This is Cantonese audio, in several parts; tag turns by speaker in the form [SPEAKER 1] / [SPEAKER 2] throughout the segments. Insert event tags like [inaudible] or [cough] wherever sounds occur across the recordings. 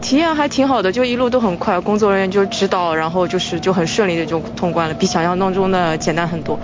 [SPEAKER 1] 體驗還挺好
[SPEAKER 2] 的，就一路都很快，工作人員就知道，然後就是就很順利地就通關了，比想象當中的簡單很多。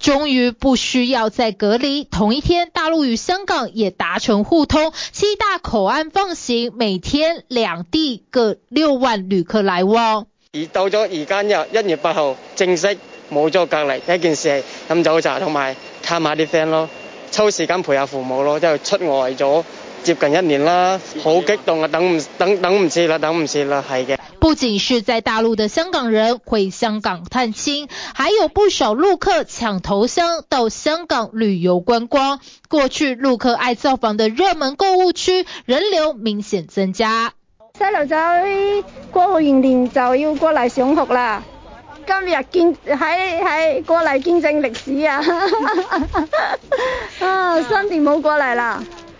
[SPEAKER 1] 終於不需要再隔離，同一天，大陸與香港也達成互通，七大口岸放行，每天兩地各六萬旅客來往。
[SPEAKER 3] 而到咗而家又一月八號正式冇咗隔離，第一件事係飲早茶，同埋探下啲 friend 咯，抽時間陪下父母咯，之後出外咗。接近一年啦，好激動啊！等唔等等唔切啦，等唔切啦，係嘅。
[SPEAKER 1] 不僅是在大陸的香港人回香港探親，還有不少陸客搶頭香到香港旅遊觀光。過去陸客愛造訪的熱門購物區人流明顯增加。細路仔
[SPEAKER 4] 過完年就要過嚟上學啦，今日見喺喺過嚟見證歷史了 [laughs] [laughs] [laughs] 啊！啊、yeah.，新年冇過嚟啦。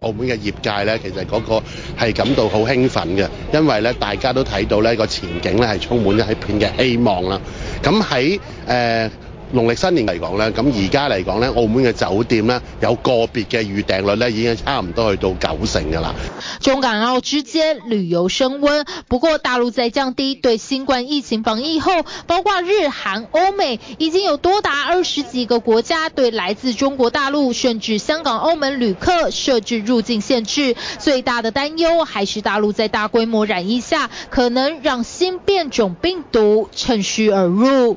[SPEAKER 3] 澳門嘅業界咧，其實嗰個係感到好興奮嘅，因為咧大家都睇到咧個前景咧係充滿一片嘅希望啦。咁喺誒。呃農曆新年嚟講呢，咁而家嚟講呢，澳門嘅酒店呢，有個別嘅預訂率呢，已經差唔多去到九成㗎啦。
[SPEAKER 1] 中港澳之間旅遊升溫，不過大陸在降低對新冠疫情防疫後，包括日韓、歐美，已經有多達二十幾個國家對來自中國大陸，甚至香港、澳門旅客設置入境限制。最大的擔憂還是大陸在大規模染疫下，可能讓新變種病毒趁虛而入。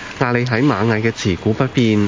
[SPEAKER 3] 但你喺螞蟻嘅持股不變。